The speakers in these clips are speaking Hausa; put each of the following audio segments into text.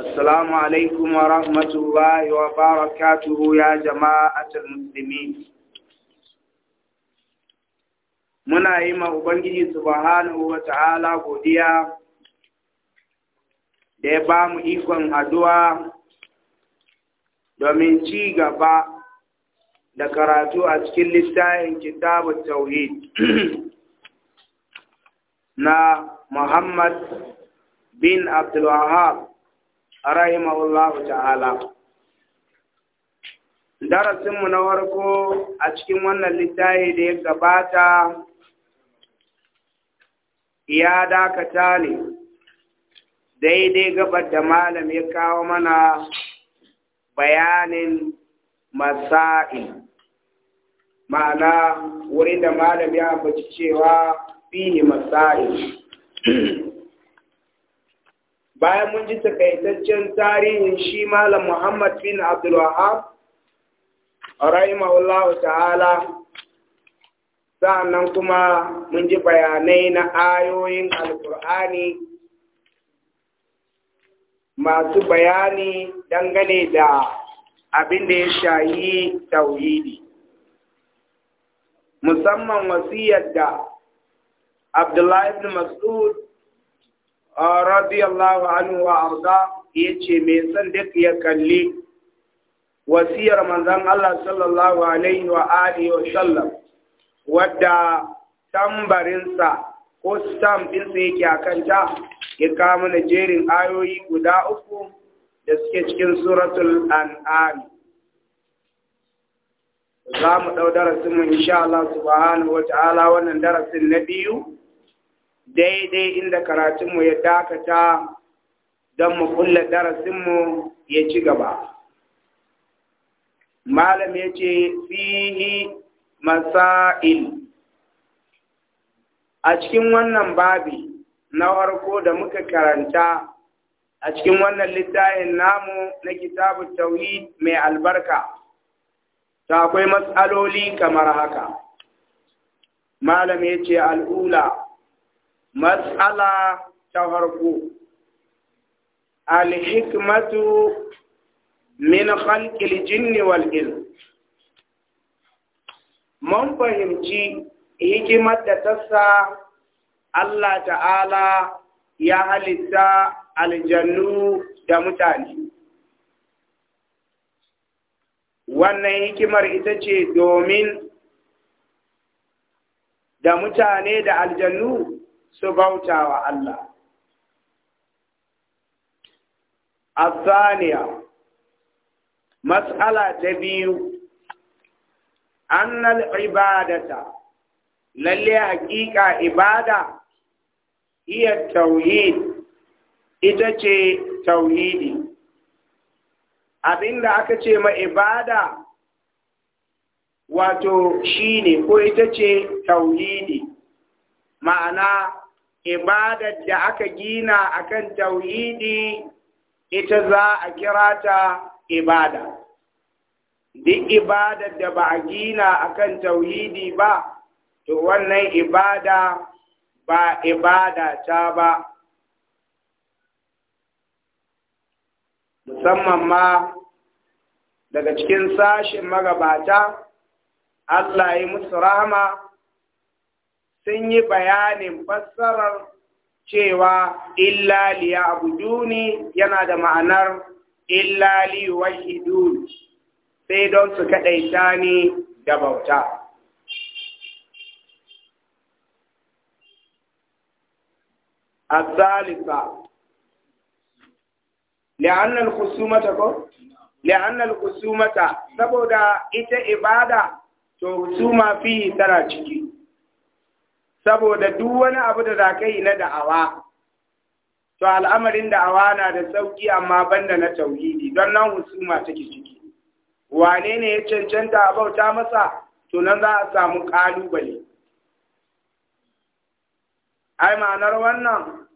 السلام عليكم ورحمة الله وبركاته يا جماعة المسلمين muna yi ma Ubangiji subhanahu wa ta'ala godiya da ya ba mu ikon addu'a domin ci gaba da karatu a cikin littafin kitabun tauhid na Muhammad bin Abdulwahab rahimahullahu ta'ala darasinmu na farko a cikin wannan littafi da ya gabata ya dakata ne daidai gabar da malam ya kawo mana bayanin masa'i ma'ana wurin da malam ya ambaci cewa fihi masa'i bayan mun ji takaitaccen tarihin shi malam Muhammad bin Abdul Wahab rahimahullah ta'ala sa'annan kuma mun ji bayanai na ayoyin alkur'ani masu bayani dangane da abin da ya shayi tauhidi musamman wasiyar da Abdullahi ibn Mas'ud radiyallahu anhu wa arda yace mai san da ya kalli wasiyar manzon Allah sallallahu alaihi wa alihi wa sallam wadda tambarinsa ko stamp ɗinsa yake akan ta ya kama na jerin ayoyi guda uku da suke cikin suratul an'am za mu ɗau darasin mu insha Allah wannan darasin na biyu daidai inda karatunmu ya dakata don mu kulla darasinmu ya ci gaba. Malam ya ce, fihi masa'il. A cikin wannan babi na farko da muka karanta a cikin wannan littafin namu na kitabu tauhid mai albarka, ta akwai matsaloli kamar haka. Malam ya ce, al'ula. matsala ta farko alhikmatu min khalqil jinni wal mun fahimci hikimar da tassa Allah ta'ala ya halitta aljannu da mutane wannan hikimar ita ce domin da mutane da aljannu su bauta wa Allah. Azaniya, matsala ta biyu, an ibadata, lallai haƙiƙa ibada, iya tauye, ita ce tauye ne. Abin aka ce ma ibada, wato shi ne, ko ita ce tauye ne, ma’ana ibadar da aka gina akan tauhidi ita za a kira ta ibada duk ibadar da ba a gina akan tauhidi ba to wannan ibada ba ibada ta ba musamman ma daga cikin sashen magabata Allah yi musu rahama sun yi bayanin fassarar cewa illa liya abuduni yana da ma'anar illa liwahidun sai don su kaɗaita ni da bauta. الثالثة لأن الخصومة كو لأن الخصومة saboda ita إبادة to suma fi tana ciki saboda duk wani abu da za ka yi na da'awa to al'amarin da'awa na da sauƙi amma banda na tauhidi don nan husuma take ciki wane ne ya cancanta a bauta masa to nan za a samu ƙalubale. ai ma'anar wannan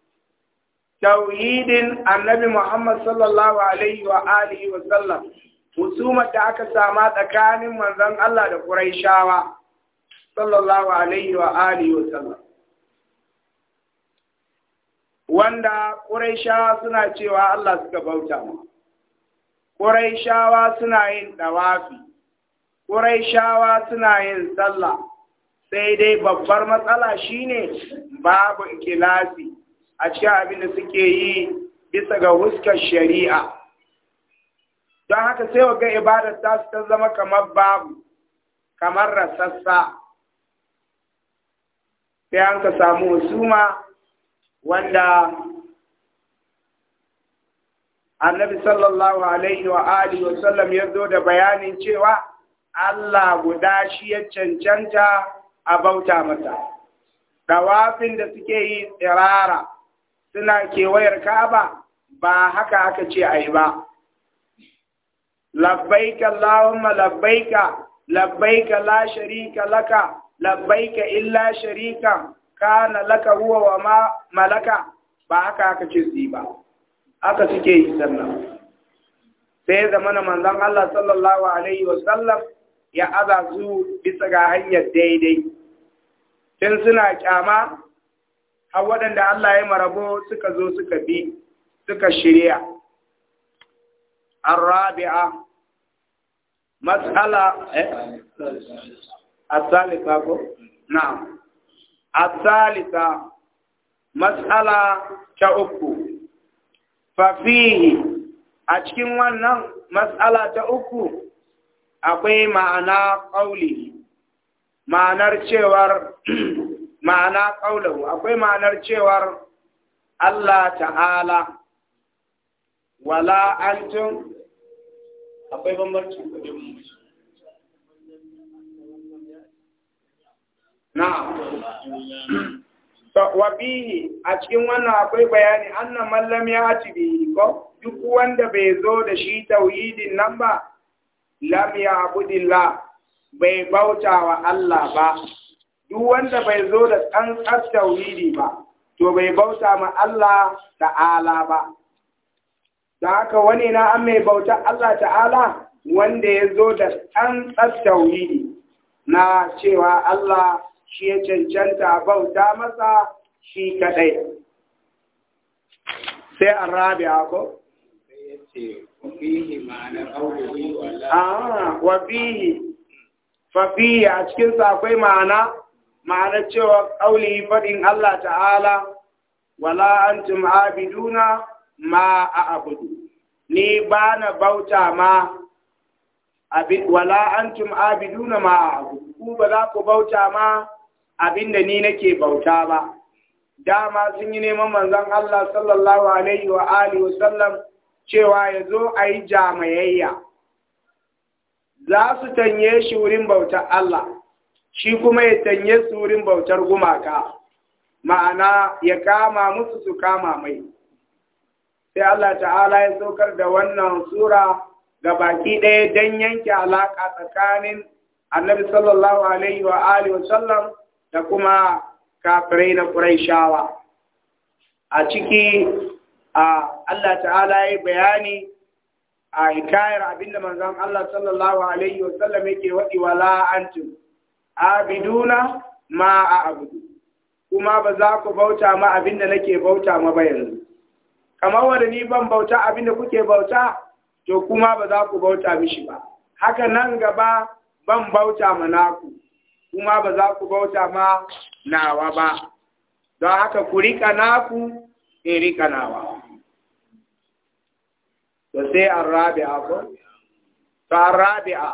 tauhidin annabi Muhammad sallallahu alaihi wa alihi wa sallam husumar da aka sama tsakanin manzon Allah da shawa. sallallahu alaihi wa wa sallam wanda ƙuraishawa suna cewa Allah suka bauta ma ƙuraishawa suna yin ɗawafi ƙuraishawa suna yin sallah sai dai babbar matsala shine babu ikilasi a cikin abin da suke yi bisa ga huskar shari'a don haka sai waga ibada ta ta zama kamar babu kamar rasassa sai an ka samu husuma wanda annabi sallallahu alaihi wa alihi wa sallam ya zo da bayanin cewa Allah guda shi ya cancanta a bauta mata. Dawafin da suke yi tsirara suna kewayar kaba? ba haka aka ce a yi ba. Labbaika Allahumma labbaika labbaika la sharika laka labbaika illa sharika kana laka huwa wa ma malaka ba haka aka ce su ba aka suke yi sannan sai zamana manzon Allah sallallahu alaihi wa sallam ya aza su bisa ga hanyar daidai tun suna kyama har waɗanda Allah ya marabo suka zo suka bi suka shirya الرابعة مسألة الثالثة نعم الثالثة مسألة تأكو ففيه أتكين ونن مسألة تأكو أقوي معنى قوله ma'anar cewar ma'ana ƙaunahu akwai ma'anar cewar Allah ta'ala wala antum akwai bambancin na wa bihi a cikin wannan akwai bayani anna mallam ya ya'ti bihi ko duk wanda bai zo da shi tauhidin nan ba lam ya'budillah bai bauta wa Allah ba duk wanda bai zo da tsantsar tauhidi ba to bai bauta ma Allah ta'ala ba da haka wani na an mai bauta Allah ta'ala wanda ya zo da tsantsar tauhidi na cewa Allah shi ya cancanta bauta masa shi kadai sai an rabi ako wafihi ah, fafihi a cikin akwai ma'ana ma'ana cewa ƙauli faɗin Allah ta'ala wala an antum abiduna ma a abudu ni ba na bauta ma wala antum abiduna ma a abudu ku ba za ku bauta ma Abin da ni nake bauta ba dama sun yi neman manzon Allah sallallahu alaihi wa alihi wa sallam cewa ya zo a yi jamayayya za su tanye shi wurin bautar Allah shi kuma ya tanye su wurin bautar gumaka ma'ana ya kama musu su kama mai sai Allah ta'ala ya saukar da wannan sura ga baki ɗaya don yanke alaƙa tsakanin annabi sallallahu alaihi wa alihi wa sallam da kuma kafirai na ƙuraishawa a ciki a Allah ta'ala ya bayani a hikayar abinda manzon Allah sallallahu alaihi wasallam yake waɗi wa la'antum abiduna ma a abudu kuma ba za ku bauta ma abinda nake bauta ma ba yanzu kamar wanda ni ban bauta abinda kuke bauta to kuma ba za ku bauta mishi ba haka nan gaba ban bauta ma naku kuma ba za ku bauta ma nawa ba don haka ku rika naku in rika nawa to sai an rabi'a ko to an rabi'a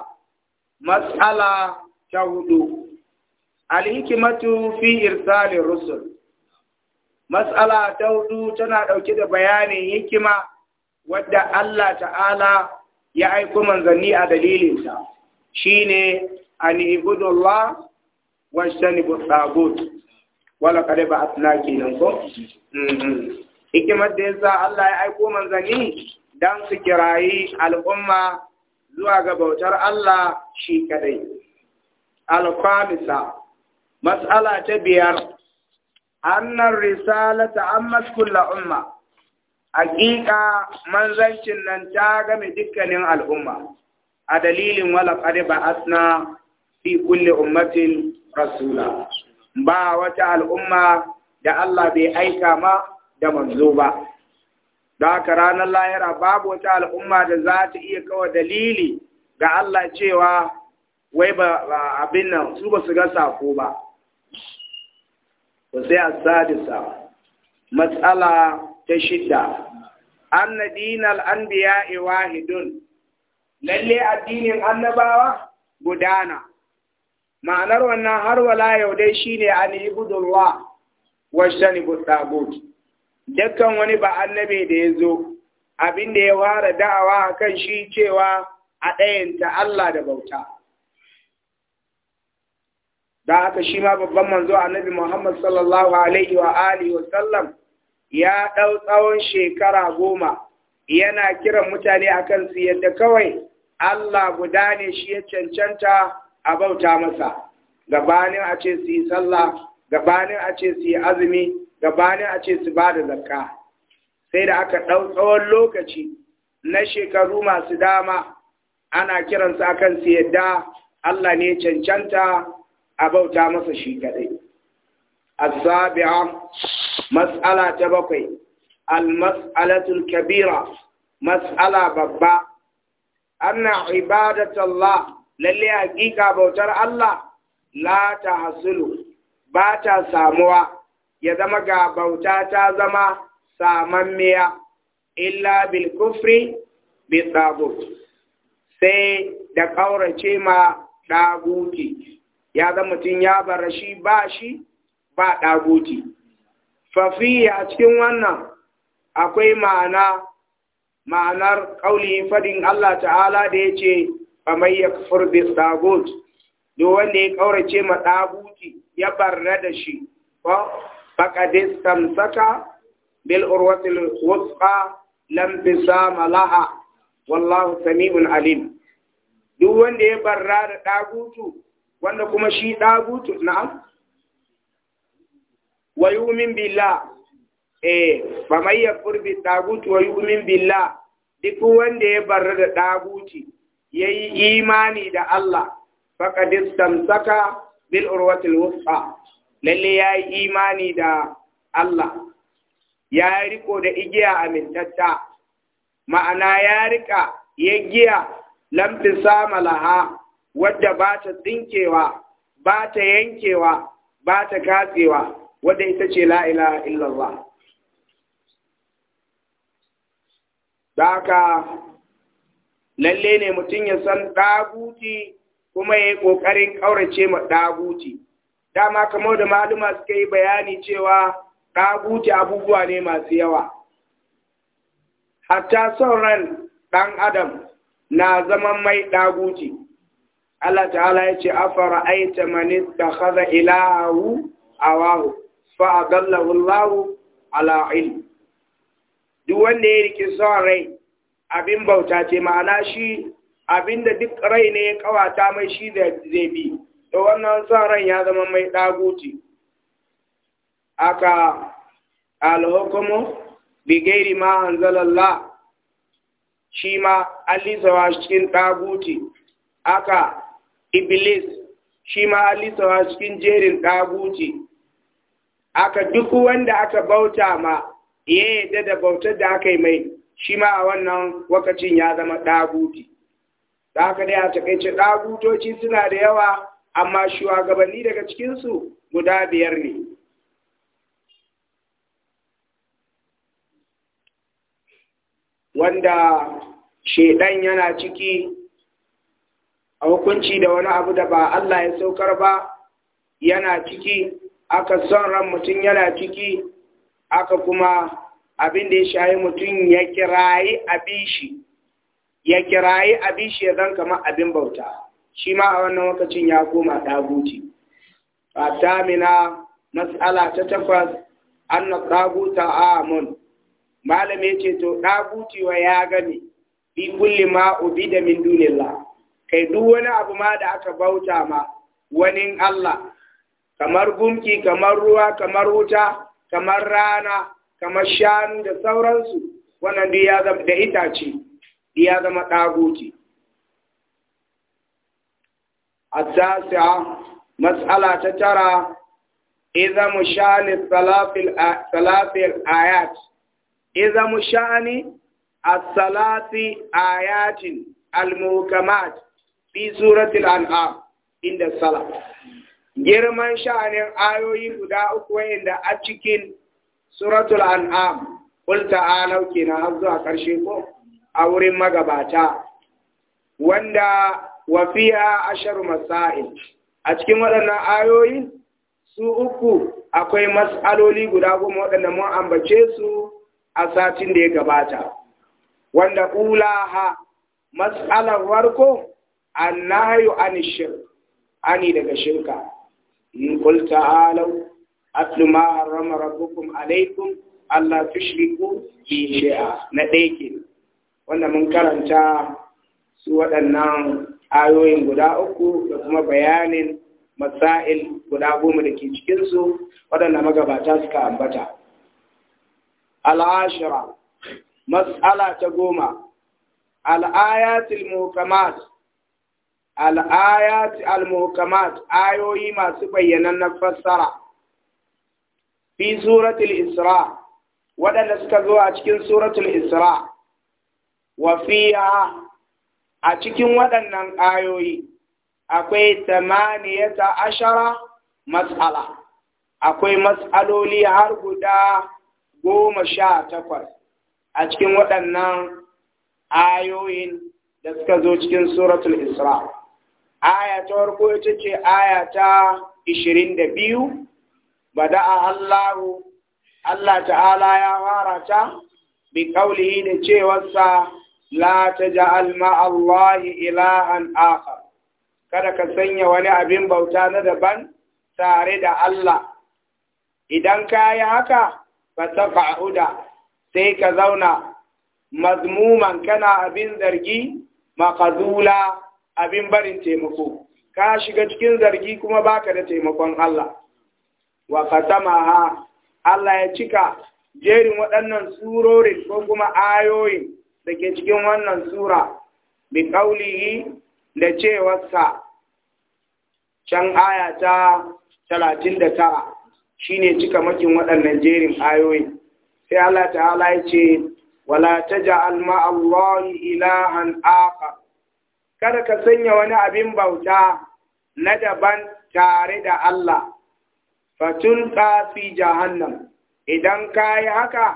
matsala ta hudu alhikimatu fi irsalin rusul Matsala ta hudu tana ɗauke da bayanin hikima wadda Allah ta'ala ya aiko manzanni a dalilinsa Shi ne an ibudullah wajtani bu tagut wala kare ba asna kenan ko mhm. hikimar da yasa Allah ya aiko manzanni dan su kirayi al'umma zuwa ga bautar Allah shi kadai al mas'ala ta biyar risala risalata ammas kullu umma hakika manzancin nan ta game dukkanin al'umma a dalilin wala qad ba'athna fi kulle ummatin rasula ba wata al'umma da Allah bai aika ma da manzo ba da haka ranar lahira babu wata al'umma da za ta iya kawo dalili ga Allah cewa wai ba abin nan su ba su ga sako ba sai a sadisa matsala ta shidda anna dinal anbiya'i wahidun lalle addinin annabawa gudana ma'anar wannan har wala yau dai shine an ibudullah wa shanibu tagut dukkan wani ba annabi da ya zo abin da ya ware da'awa a kan shi cewa a ɗayanta Allah da bauta da aka shi ma babban manzo annabi Muhammad sallallahu alaihi wa alihi wa sallam ya ɗau tsawon shekara goma yana kiran mutane akan su yadda kawai Allah guda ne shi ya cancanta a bauta masa gabanin a ce su yi sallah gabanin a ce su yi azumi gabanin a ce su ba da zakka sai da aka ɗau tsawon lokaci na shekaru masu dama ana kiransa a kan su yadda Allah ne cancanta a bauta masa shi kaɗai. Asabi'a matsala ta bakwai, al kabira, matsala babba, anna ibadatallah lalle hakika bautar Allah la ta hasulu ba ta samuwa ya zama ga bauta ta zama samammiya illa bil kufri bi sai da ƙaurace ma ɗaguti ya zama mutum ya bar shi ba shi ba ɗaguti fafi a cikin wannan akwai ma'ana ma'anar ƙauli fadin Allah ta'ala da ya ce ya kafar bi tagut do wanda ya kaurace ma dabuti ya barra da shi fa faqad Saka, bil urwatil wuthqa lam tisama laha wallahu sami'un alim duk wanda ya barra da ɗagutu wanda kuma shi ɗagutu na'am wa yu'min billah eh fa may yakfur bi taguti wa yu'min billah duk wanda ya barra da ɗaguti ya yi imani da Allah faƙad saka bil urwatul wusa lalle ya yi imani da Allah ya riko da igiya amintatta ma'ana ya rika ya giya lamfin sama laha wadda ba ta tsinkewa ba ta yankewa ba ta katsewa wadda ita ce la'ila illallah da lalle ne mutum ya san ɗaguti kuma ya yi ƙoƙarin ƙaurace ma ɗaguti dama kamar da maluma suka yi bayani cewa ɗaguti abubuwa ne masu yawa hatta son ɗan adam na zaman mai ɗaguti Allah ta'ala ya ce afara aita mani da haza ilahu wahu, fa a gallahu lahu ala'il duk wanda ya rike son rai abin bauta ce ma'ana shi abin da duk rai ne ya kawata mai shi da zai bi to wannan son ran ya zama mai daguti aka alhukumu Bigairi gairi ma shi ma alisawa cikin daguti aka iblis shi ma alisawa cikin jerin daguti aka duk wanda aka bauta ma ya yadda da bautar da aka yi mai shi ma a wannan wakacin ya zama ɗaguti da haka dai a taƙaice ɗagutoci suna da yawa amma shugabanni daga cikinsu guda biyar ne wanda shaidan yana ciki a hukunci da wani abu da ba Allah ya saukar ba yana ciki aka son ran mutum yana ciki aka kuma abin da ya shayi mutum ya kirayi abin shi ya kirayi abin shi ya zan kama abin bauta shi ma a wannan wakacin ya koma taguti fatamina matsala ta takwas an na taguta amun malam ya ce to taguti wa ya gani bi kulli ma da min dunilla kai duk wani abu ma da aka bauta ma wani Allah kamar gumki kamar ruwa kamar wuta kamar rana kamar shanu da sauransu wannan duk ya zama da itace ya zama ɗagoji. A tasa matsala ta tara, iza mu shani salafil ayat, iza mu shani a ayatin al-mukamat fi suratul an'am inda sala girman sha'anin ayoyi guda uku inda a cikin suratul an'am qul ta'alau kenan har zuwa karshe ko a wurin magabata wanda wa fiha asharu masail a cikin waɗannan ayoyi su uku akwai mas'aloli guda goma waɗanda mun ambace su a satin da ya gabata wanda ha mas'alar farko annahyu an ani daga shirka in qul ta'alau atlu ma harrama rabbukum alaikum Allah tushriku bi shay'a na ɗaya wanda mun karanta su waɗannan ayoyin guda uku da kuma bayanin masail guda goma da ke cikinsu waɗanda magabata suka ambata. Al'ashira, matsala ta goma, al'ayatul muhkamat, al'ayatul muhkamat ayoyi masu bayyanan na fassara, fi suratul isra waɗanda suka zo a cikin suratul isra wa fiya a cikin waɗannan ayoyi akwai tamaniyata ashara matsala akwai matsaloli har guda goma sha takwas a cikin waɗannan ayoyin da suka zo cikin suratul isra ayata warko farko ita ce ishirin da biyu? bada'a الله Allah ta'ala ya وارثا بقوله bi وسا da cewarsa la الله ma Allahi kada ka sanya wani abin bauta na daban tare da Allah idan ka yi haka fa fa’uda sai ka zauna mazmuman kana abin zargi makazula abin barin taimako ka shiga cikin zargi kuma baka da taimakon Allah wa katamaha Allah ya cika jerin waɗannan surorin ko kuma ayoyin da ke cikin wannan sura bi ƙaulihi da cewarsa can aya ta talatin da tara shi ne cika makin waɗannan jerin ayoyi sai Allah ta'ala ya ce wala ta ja'al ma'allahi ilahan aka kada ka sanya wani abin bauta na daban tare da Allah fatun fi jahannam idan ka yi haka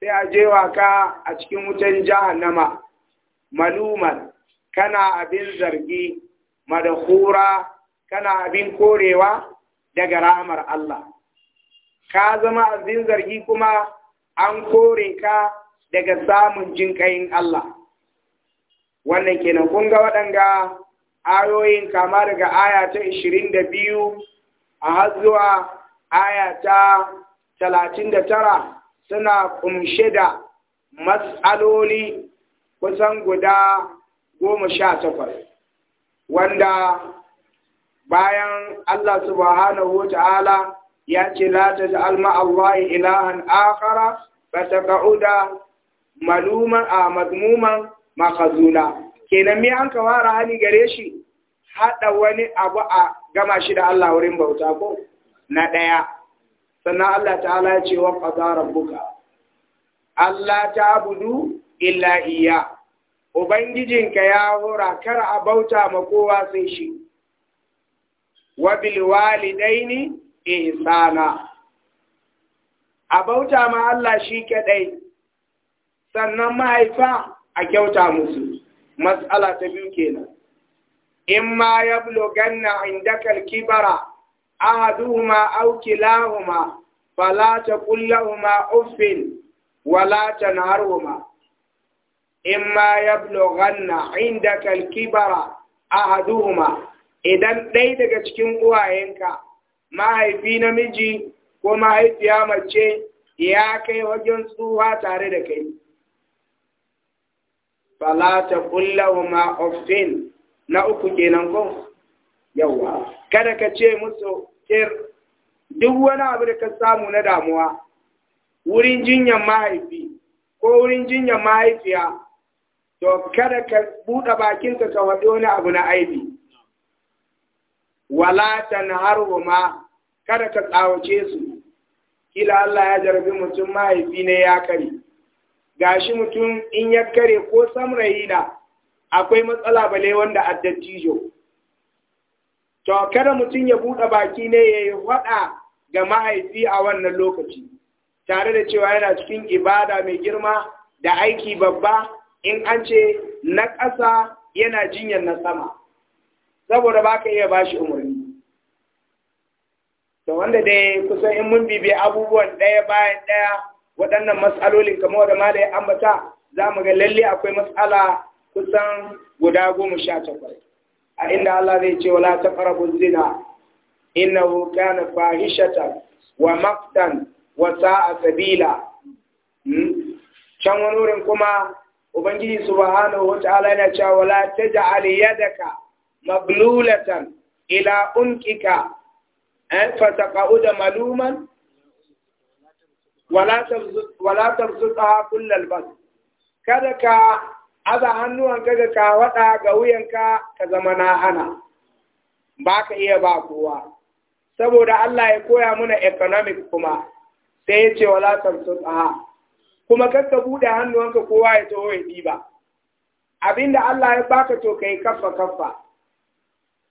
sai a wa ka a cikin wutan jahannama maluman kana abin zargi madahura kana abin korewa daga rahamar Allah ka zama abin zargi kuma an kore ka daga samun jinƙayin Allah wannan kenan kun ga waɗanga ayoyin kama daga aya ta 22 a har zuwa aya ta talatin da tara suna kumshe da matsaloli kusan guda goma sha takwas wanda bayan Allah subhanahu wa ta'ala ya ce la ta ja'al ilahan akara ba ta ka'uda maluman a mazmuman makazuna kenan me an kawara hani gare shi haɗa wani abu a gama shi da Allah wurin bauta ko na ɗaya sannan Allah ta'ala ya ce wa qadara rabbuka Allah ta budu illa iya ubangijinka ya hura kar a bauta ma kowa sai shi wa walidaini ihsana a bauta ma Allah shi kaɗai sannan mahaifa a kyauta musu Matsala ta biyu kenan in ma ya bulogan na inda kibara ahaduhuma aw kilahuma fala taqul lahumā uffin wala tanharhuma imma yablughanna 'indaka al-kibara ahaduhuma idan ɗaya daga cikin uwayenka mahaifi namiji ko mahaifiya mace ya kai wajen tsuwa tare da kai fala taqul lahumā na uku kenan ko yawa kada ka ce musu kir duk wani abu da ka samu na damuwa wurin jinyar mahaifi ko wurin jinyar mahaifiya to kada ka buɗe bakinka ka waɗi wani abu na aibi wala ma kada ka tsawace su kila Allah ya jarabi mutum mahaifi ne ya kare gashi mutum in ya kare ko samrayi da akwai matsala bale wanda dattijo. to kada mutum ya buɗe baki ne ya yi faɗa ga mahaifi a wannan lokaci tare da cewa yana cikin ibada mai girma da aiki babba in an ce na ƙasa yana jinyar na sama saboda ba ka iya bashi umarni to wanda dai kusan in mun bibi abubuwan ɗaya bayan ɗaya waɗannan matsalolin kamar da ya ambata za mu ga lalle akwai matsala kusan guda goma sha takwas a inda Allah zai ce wala taqrabu zina innahu kana fahishatan wa maqtan wa sa'a sabila hmm? can wani wurin kuma ubangiji subhanahu wata'ala yana cewa wala taj'al yadaka فتقعد ملوما ولا تبسطها كل البسط kada aza hannuwanka ga kawada ga wuyanka ka zama na hana ba ka iya ba kowa saboda Allah ya koya muna economic kuma sai ya ce wala tamsut tsaha, kuma ka bude hannuwanka kowa ya taho ya diba abinda Allah ya baka to kai kaffa kaffa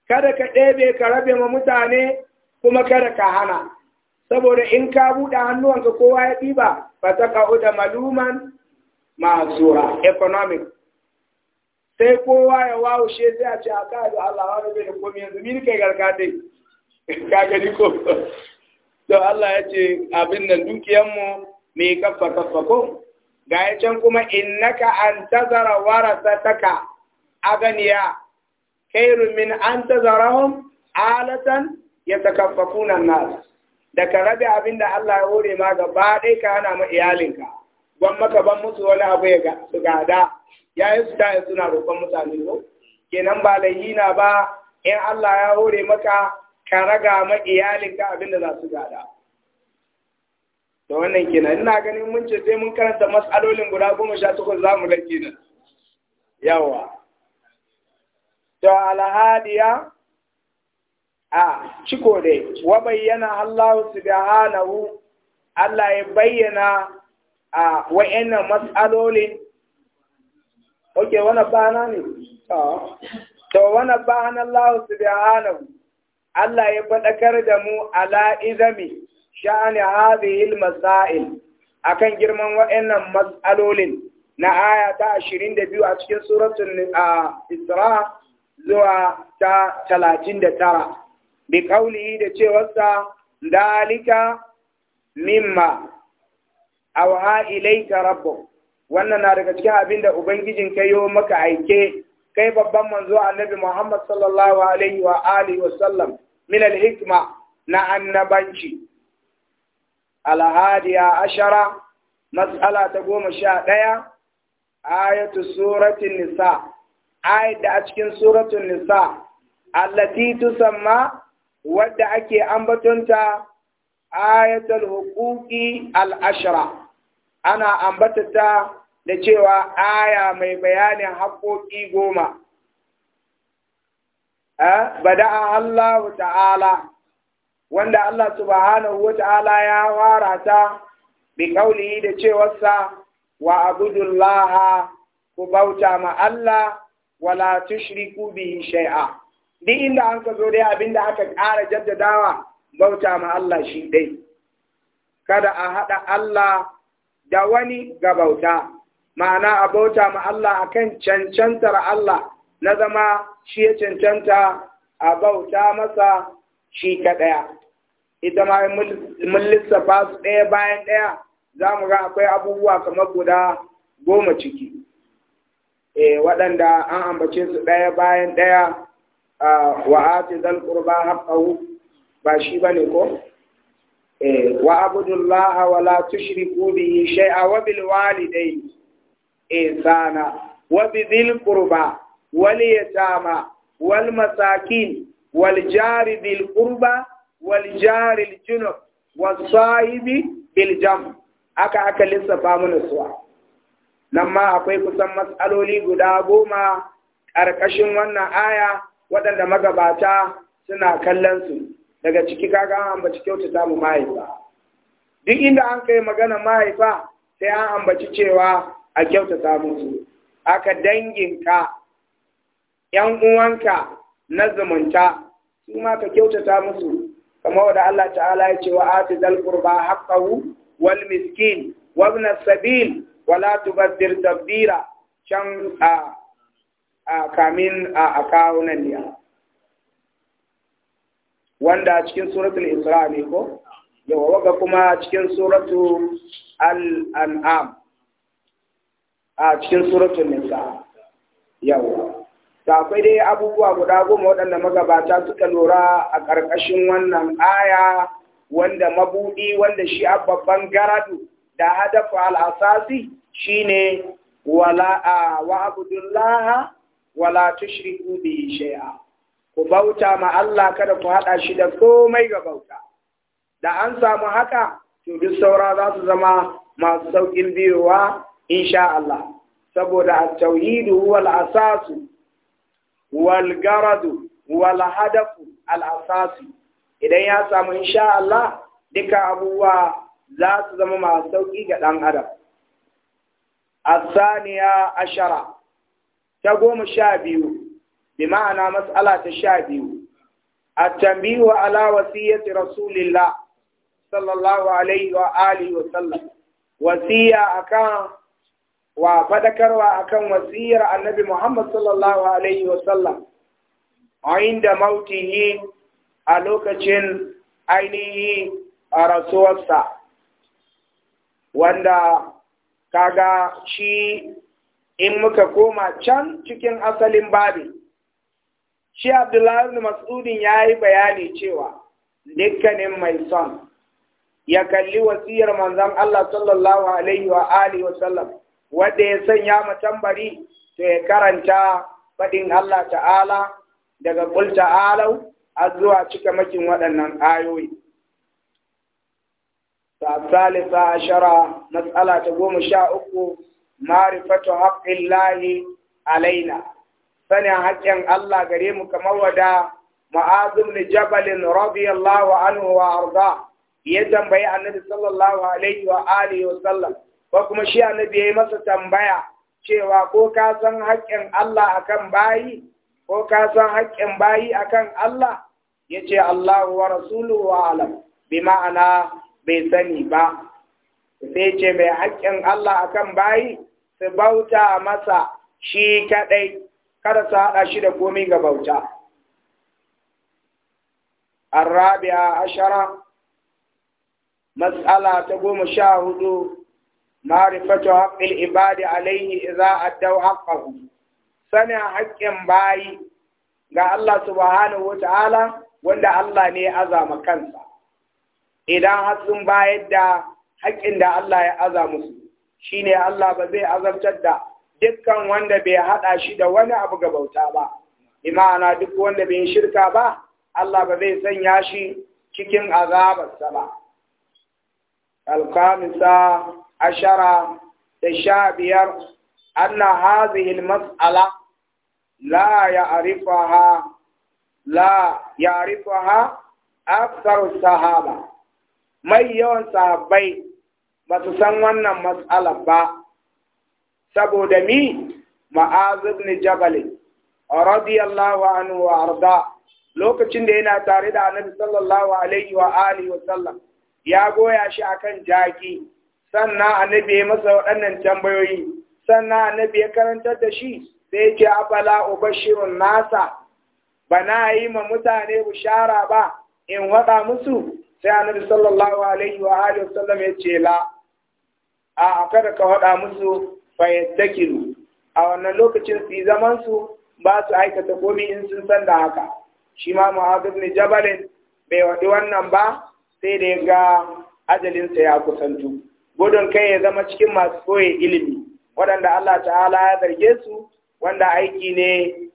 kada ka ɗebe ka rabe ma mutane kuma kada ka hana saboda in ka buɗe hannuwanka kowa ya diba fa taqa'u da maluman ma'zura economic sai kowa ya wawushe sai a ce a ka da Allah wani bai da komai yanzu ni kai garka dai ka gani ko to Allah ya ce abin nan dukiyan mu ne kaffa kaffa ko ga ya can kuma innaka an tazara warasataka aganiya Kai min an tazara ya alatan yatakaffafuna nas da ka rabe abin da Allah ya hore ma gaba ɗaya ka hana ma iyalinka gwamma ka ban musu wani abu ya su gada ya yi su tayi suna roƙon mutane ko kenan ba da na ba in Allah ya hore maka ka raga ma iyalinka abin da za su gada da wannan kenan ina ganin mun ce sai mun karanta mas'alolin guda goma sha takwas za mu rage nan yawa to alhadiya a ciko dai wa bayyana Allah subhanahu Allah ya bayyana a wa'annan mas'alolin Oke, wani bana ne? To, wani bana Allah subhanahu Allah ya faɗakar da mu ala izami sha'ani hadhihi masail akan girman waɗannan matsalolin na aya ta 22 a cikin suratul Isra zuwa ta 39 bi qaulihi da cewarsa dalika mimma awha ilayka rabbuk wannan na daga cikin abin da ubangijin ka yi maka aike kai babban manzo annabi Muhammad sallallahu alaihi wa alihi wa sallam min al na annabanci alhadiya ashara mas'ala ta goma sha ɗaya ayatu suratun nisa ayat da a cikin suratun nisa allati tusamma wadda ake ambatonta ayatul huquqi al ashara ana ambatata da cewa aya mai bayanin haƙoƙi goma. Bada'a Allah ta'ala, wanda Allah subhanahu wa ta'ala ya wara ta bi kauli da cewarsa wa abudullaha ku bauta ma Allah wala tushriku bihi shai'a. Duk inda an ka zo dai abinda aka ƙara jaddadawa bauta ma Allah shi dai. Kada a haɗa Allah da wani ga bauta. ma'ana a bauta ma Allah akan cancantar Allah na zama shi ya cancanta a bauta masa shi kaɗaya. Ita ma mun lissafa su ɗaya bayan ɗaya za mu ga akwai abubuwa kamar guda goma ciki. E, waɗanda an ambace su ɗaya bayan ɗaya a wa'ati zal qurba haqqahu ba shi bane ko? Eh, wa abudullaha wa la tushriku bihi shay'a wa bil إحسانا وبذي القربى واليتامى wal والجار ذي القربى والجار sahibi والصائب بالجنب aka aka lissafa mana suwa nan ma akwai kusan matsaloli guda goma ƙarƙashin wannan aya waɗanda magabata suna kallon su daga ciki kaga an kyautata mu mahaifa duk inda an kai magana mahaifa sai an ambaci cewa a kyautata musu aka danginka ‘yan uwanka na zumunta su ma ka kyautata musu kamar wadda Allah ta'ala ya ce wa ati zal qurba haqqahu wal miskin wa sabil wala la tubaddir tabdira can a kamin a kawo nan wanda cikin suratul isra ne ko yawa waga kuma cikin suratu al a cikin suratul nisa yau, da akwai dai abubuwa guda goma waɗanda magabata suka lura a ƙarƙashin wannan aya wanda mabuɗi wanda shi a babban garadu da hadafa al'asasi shine wala a wa abdullah wala tushriku bi shay'a ku bauta ma Allah kada ku haɗa shi da komai ga bauta da an samu haka to duk saura za su zama masu sauƙin biyowa insha Allah saboda at-tauhidu huwal asasu wal garadu wal hadafu al idan ya samu insha Allah duka abubuwa za su zama masu sauki ga dan adam asaniya ashara ta goma sha biyu bi ma'ana mas'ala ta sha biyu a tambihu ala wasiyyati rasulillah sallallahu alaihi wa alihi wa sallam wasiya akan wa fadakarwa akan wasiyar annabi Muhammad sallallahu alaihi wasallam inda mautihi a lokacin ainihi a rasuwarsa wanda kaga shi in muka koma can cikin asalin babi shi abdullahi ibn mas'udin ya yi bayani cewa dukkanin mai son ya kalli wasiyar manzon Allah sallallahu alaihi wa alihi wa sallam wanda ya sanya mu tambari to ya karanta faɗin Allah ta'ala daga ƙul ta'ala a zuwa cika makin waɗannan ayoyi. Salisa shara matsala ta goma sha uku marifatu haƙƙin lahi alaina sanin haƙƙin Allah gare mu kamar wada ma'azum ni jabalin radiyallahu anhu wa arda ya tambayi annabi sallallahu alaihi wa alihi wa sallam ko kuma shi annabi ya yi masa tambaya cewa ko ka san haƙƙin Allah akan bayi ko ka san haƙƙin bayi akan Allah yace ce Allah wa rasuluhu wa alam bi ma'ana bai sani ba sai ce mai haƙƙin Allah akan bayi su bauta masa shi kaɗai kada su haɗa shi da komai ga bauta الرابعة عشرة مسألة تقوم شاهدوا معرفة حق ibadi alayhi إذا أدوا حقه سنع حق ga Allah subhanahu wa ta'ala wanda Allah ne ya azama kansa, idan har sun bayar da haƙƙin da Allah ya aza su, shi ne Allah ba zai azabtar da dukkan wanda bai haɗa shi da wani abu ga bauta ba, imana duk wanda bai shirka ba, Allah ba zai sanya shi cikin azabarsa ba. Alkamisa ashara da sha biyar anna hadhihi mas'ala la ya'rifaha la ya'rifaha sahaba mai yawan sahabbai ba su san wannan mas'ala ba saboda mi ma'az ibn jabal radiyallahu anhu lokacin da yana tare da annabi sallallahu alaihi wa alihi wa sallam ya goya shi a kan jaki sannan annabi ya masa waɗannan tambayoyi sannan annabi ya karantar da shi sai ce abala ubashirun nasa bana yi ma mutane bishara ba in waɗa musu sai annabi sallallahu alaihi wa alihi wasallam ya ce la a kada ka waɗa musu fa yattakilu a wannan lokacin su zaman su ba su aikata komi in sun san da haka shi ma mu'adh ibn jabalin bai waɗi wannan ba sai da ya ga ajalinsa ya kusantu. gudun kai ya zama cikin masu koye ilimi waɗanda Allah ta'ala ya zarge su wanda aiki ne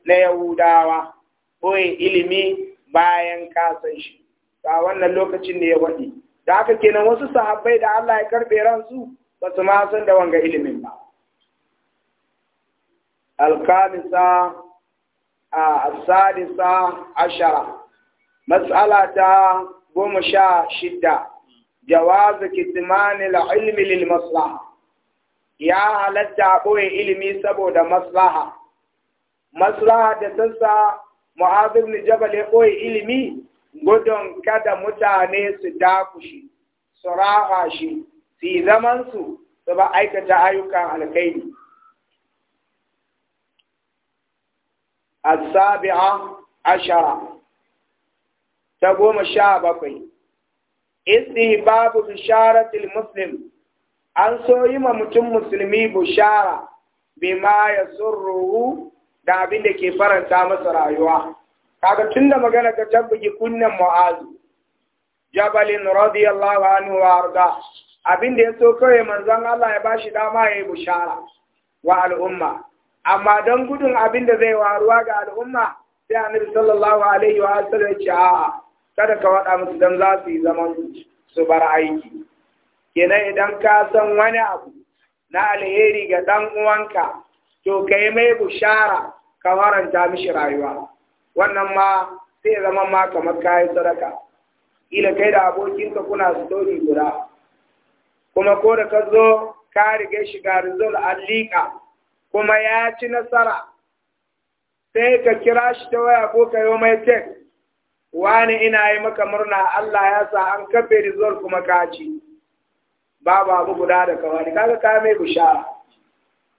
na Yahudawa koye ilimi bayan kasan shi a wannan lokacin da ya waɗi da haka kenan wasu sahabbai da Allah ya karɓe ransu ba su ma san da wanga ilimin ba alkamisa a sadisa ashara matsala ta goma sha shidda جواز كتمان العلم للمصلحة يا هل تعبوه علمي سبو دا مصلحة مصلحة تسا معاذ بن جبل يقوي علمي قدن كدا متاني su سراغاشي في زمن سو سبا ايكا تعيوكا على ba السابعة عشرة تقوم الشعب babu bisharatil muslim an so yi ma mutum musulmi bushara bima ya surruhu da abin da ke faranta masa rayuwa tun da magana ka tabbuki kunnen mu'azu jabalin radiyallahu anhu wa arda abin da ya so kawai manzon Allah ya bashi dama ya yi bushara wa al'umma amma don gudun abin da zai waruwa ga al'umma sai annabi sallallahu alaihi wa sallam a'a kada ka waɗa musu don za su yi zaman su bar aiki kenan idan ka san wani abu na alheri ga ɗan uwanka to ka yi mai bushara ka faranta mishi rayuwa wannan ma sai zama ma kamar yi sadaka ila kai da abokinka kuna story guda kuma ko da ka zo ka riga shiga rizal allika kuma ya ci nasara sai ka kira shi ta waya ko ka yi mai tek wani ina yi maka murna Allah ya sa an kafe zuwar kuma kaci ba babu abu guda da kawai kaga ka mai bushara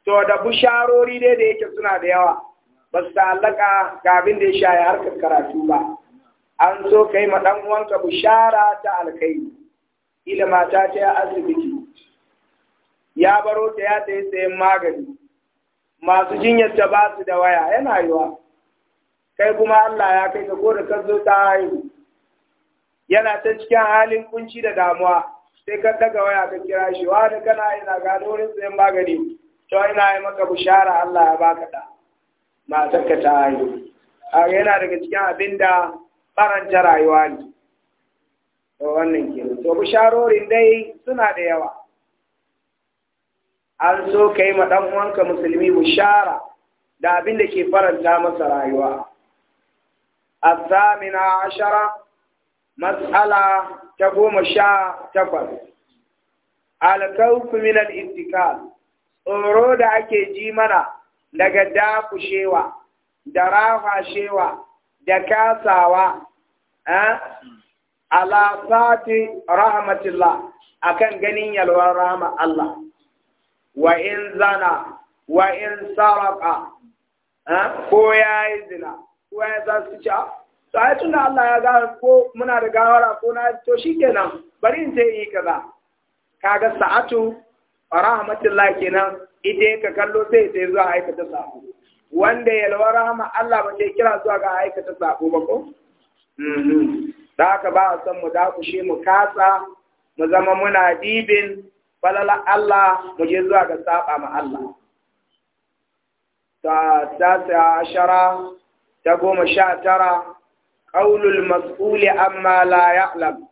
to da busharori dai da yake suna da yawa ba su ta'allaka ga abin da ya sha ya harkar karatu ba an so kai ma dan uwanka bushara ta alkai ila mata ta ya asibiti ya baro ta ya ta sayan magani masu jinyar ta ba su da waya yana yiwa kai kuma Allah ya kai ka ko da ka zo ta haihu yana ta cikin halin kunci da damuwa sai ka daga waya ka kira shi wa da kana ina ga wurin tsayin magani to ina yi maka bushara Allah ya baka da matarka ta haihu a yana daga cikin abin da faranta rayuwa ne to wannan ke to bisharorin dai suna da yawa an so ka yi ma dan uwanka musulmi bushara da abin da ke faranta masa rayuwa A الثامنة عشرة مسألة تقوم شاء تقل الكوف من الاتكال tsoro da ake ji mana daga dakushewa da rafashewa da kasawa ala sati rahmatillah akan ganin yalwar rahama Allah wa in zana wa in saraka ko ya yi zina waye za su ci to ai tunda Allah ya ga ko muna da gawar a na to shi kenan bari in sai yi kaza kaga sa'atu Rahmatullahi kenan ide ka kallo sai sai zuwa aikata sabo wanda ya lawa rahama Allah ba sai kira zuwa ga aikata sabo ba ko mhm. da haka ba a san mu dakushe mu katsa mu zama muna dibin balala Allah mu je zuwa ga saba ma Allah ta ta ashara ta goma sha tara ƙaunul mas'uli amma la ya'lam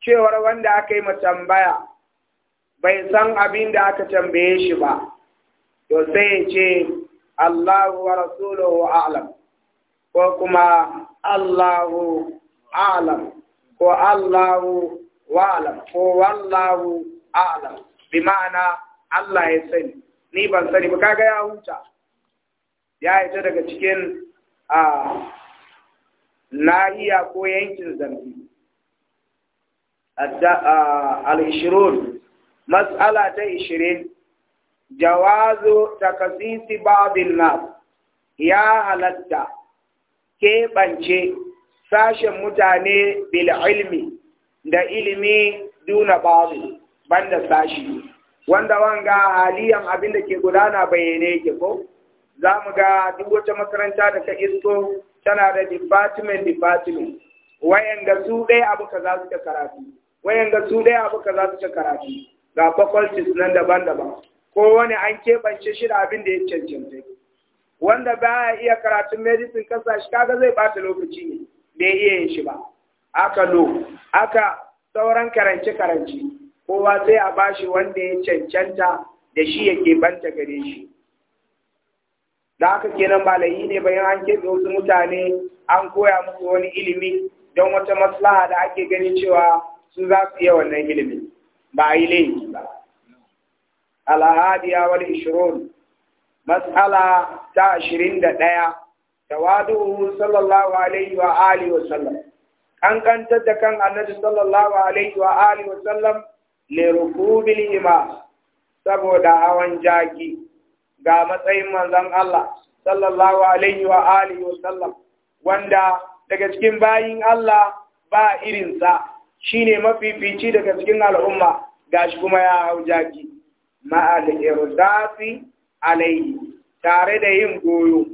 cewar wanda aka yi tambaya bai san abin da aka tambaye shi ba to sai ya ce Allahu wa rasuluhu a'lam ko kuma Allahu a'lam ko Allahu wa'lam ko wallahu a'lam bi ma'ana Allah ya sani ni ban sani ba kaga ya huta ya ita daga cikin a nahiya ko yankin zambi al-ishirun mas'ala ta ishirin jawazu kasisi babin nas ya halatta keɓance sashen mutane bil ilmi da ilimi duna babu banda sashi wanda wanga haliyan abin da ke gudana bayyane ke ko za mu ga duk wata makaranta da ka isko tana da department department wayan ga su dai abu ka za su ta karatu wayan ga su dai abu ka za su ta karatu ga faculties nan daban-daban ko wani an keɓance shi da abin da ya cancanta wanda ba ya iya karatun medicine kasa shi kaga zai bata lokaci ne bai iya yin shi ba aka lo aka sauran karance-karance kowa sai a bashi wanda ya cancanta da shi yake banta gare shi da aka kenan malayi ne bayan an keɓe wasu mutane an koya musu wani ilimi don wata maslaha da ake ganin cewa su za su iya wannan ilimin ba a yi laifi ba ya wal ishirun mas'ala ta ashirin da ɗaya tawaduhu sallallahu alaihi wa alihi wa sallam kankantar da kan annabi sallallahu alaihi wa alihi wa sallam le rukubil ima saboda hawan jaki ga matsayin manzon Allah sallallahu alaihi wa alihi wa sallam wanda daga cikin bayin Allah ba irinsa shine mafifici daga cikin al'umma gashi kuma ya hau jaki ma'al alaihi tare da yin goyo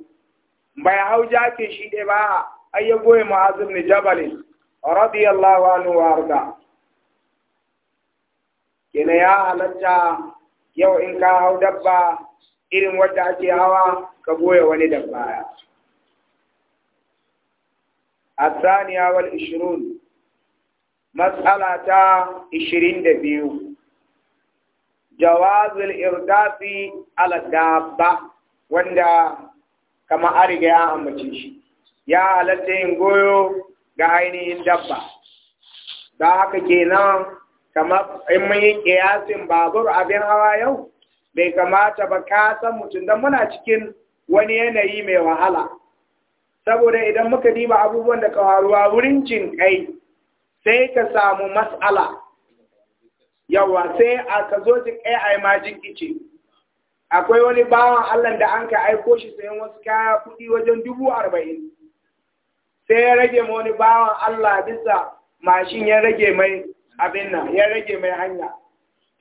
bai hau jaki shi dai ba ai ya goye ma'azin ne jabalin radiyallahu anhu wa arda kina ya halatta yau in ka hau dabba irin wadda ake hawa ka goya wani dabbaya. A saniya wal ishirin, matsala ta ishirin da biyu, Jawazul irdafi ala dabba wanda kama ariga ya ambace shi, ya halatta yin goyo ga ainihin dabba. Da haka ke kama in mun yi ƙiyasin babur abin hawa yau, bai kamata ba ka san mutum don muna cikin wani yanayi mai wahala saboda idan muka diba abubuwan da kawaruwa wurin jin kai sai ka samu matsala yawa sai a ka zo jin kai a yi majin ice akwai wani bawan allah da an ka aiko shi sayan wasu kaya kudi wajen dubu arba'in sai ya rage ma wani bawan allah bisa mashin ya rage mai abin nan ya rage mai hanya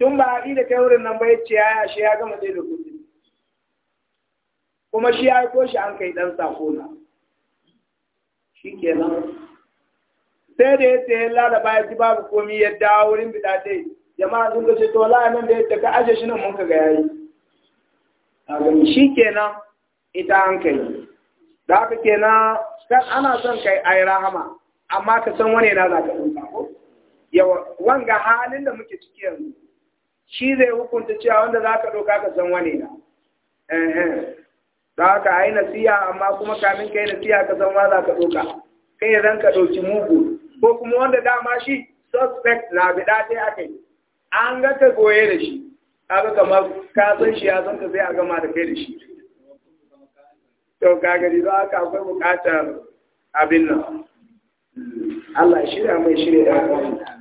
tun ba haɗi da kai wurin nan ba ya ce ya yashe ya gama ɗaya da kuɗi kuma shi ya ko shi an kai ɗan sako na shi nan sai da ya ce ya ya ji babu komi ya dawo wurin biɗa dai jama'a sun ga ce to la nan da yadda ka aje shi nan mun ka ga yayi a gani nan ita an kai da haka na kan ana son kai yi rahama amma ka san wani yana za ka ɗauka ko yawa wanga halin da muke ciki yanzu shi zai hukunta cewa wanda za ka ɗauka ka san wane na Za ka yi nasiya amma kuma kamin ka yi nasiya ka san wa za ka ɗauka kai zan ka ɗauki mugu ko kuma wanda dama shi suspect na biɗa ta aka yi an ga ka goye da shi aka kama kasan san shi ya san ka sai a gama da kai da shi to za ka akwai buƙatar abin nan Allah shirya mai shirya da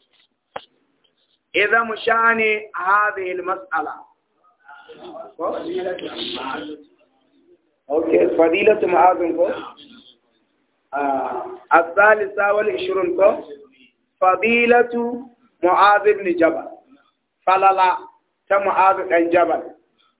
idza mushani hadhihi almas'ala okay fadilatu ma'azin ko الثالثة والعشرون كو فضيلة معاذ بن جبل فللا تمعاذ بن جبل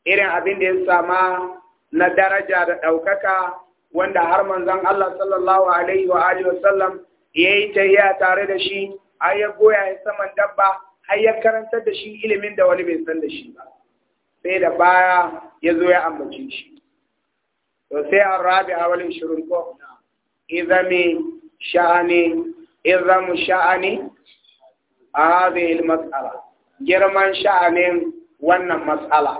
irin abin da ya sama na daraja da ɗaukaka wanda har manzon Allah sallallahu alaihi wa wa sallam ya yi tare da shi ai ya goya ya saman dabba ai ya karantar da shi ilimin da wani bai san da shi ba sai da baya ya zo ya ambace shi to sai an rabi a walin shirin ko izami sha'ani izamu sha'ani a hadhihi mas'ala girman sha'anin wannan mas'ala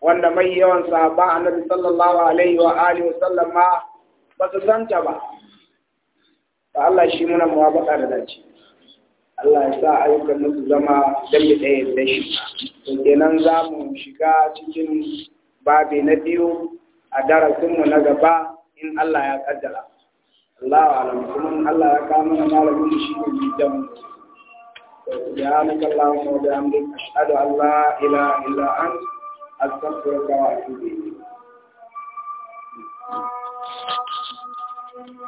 wanda mai yawan sahaba annabi sallallahu alaihi wa alihi wa sallama ma ba su santa ba Allah shi muna muwafaqa da dace Allah ya sa ayyukan nasu zama dambe ɗaya da shi to kenan za mu shiga cikin babi na biyu a darasinmu na gaba in Allah ya kaddara Allah wa alam kuma Allah ya kama mana malamin shi ne dan سبحانك اللهم وبحمدك أشهد أن لا astaghfiruka wa atubu ilayk. Thank you.